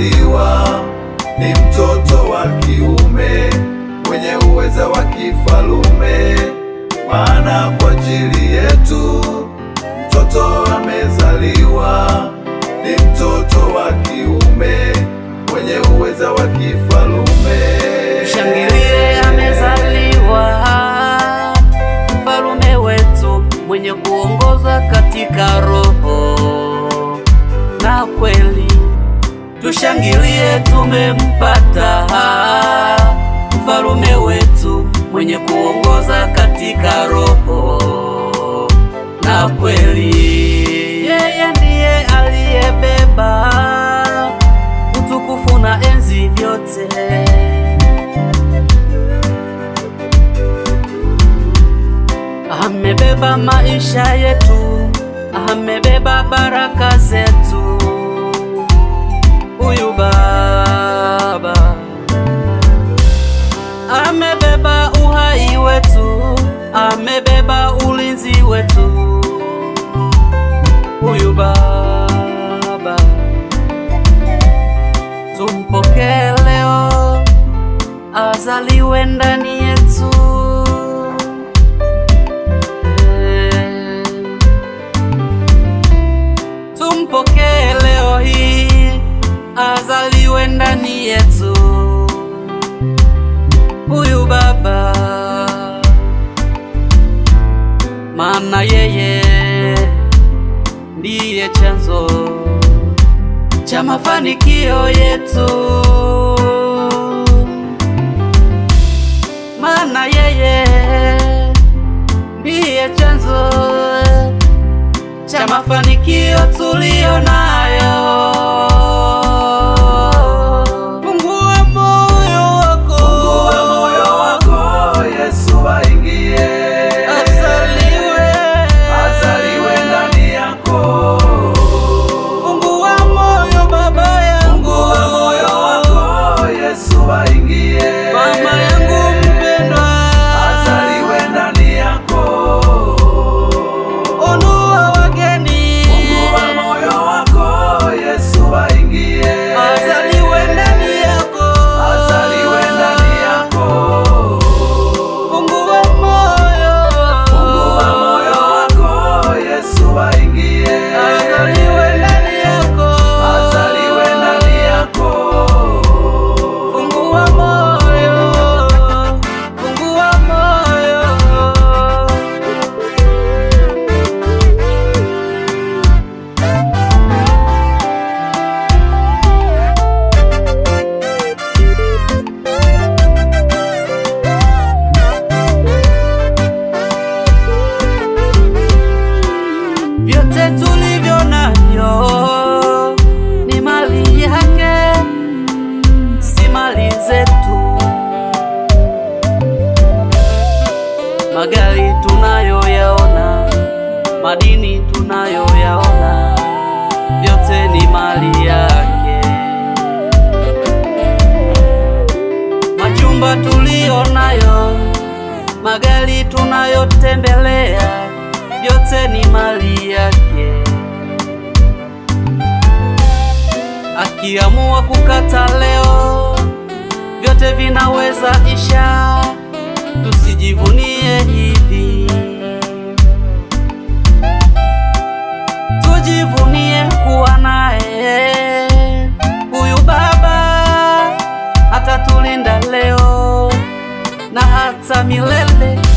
kuzaliwa ni mtoto wa kiume mwenye uweza wa kifalume. ndiye tumempata, mfalume wetu mwenye kuongoza katika roho na kweli. Yeye ndiye aliyebeba utukufu na enzi vyote amebeba maisha yetu, amebeba baraka zetu huyu Baba amebeba uhai wetu, amebeba ulinzi wetu, huyu Baba tumpokee leo, azaliwe ndani yetu ndani yetu. Huyu Baba, maana yeye ndiye chanzo cha mafanikio yetu, maana yeye ndiye chanzo cha mafanikio tuliyo nayo. safari zetu, magari tunayoyaona, madini tunayoyaona, vyote ni mali yake. Majumba tuliyonayo, magari tunayotembelea, vyote ni mali yake. Akiamua kukata leo vyote vinaweza isha, tusijivunie hivi, tujivunie kuwa naye huyu Baba, atatulinda leo na hata milele.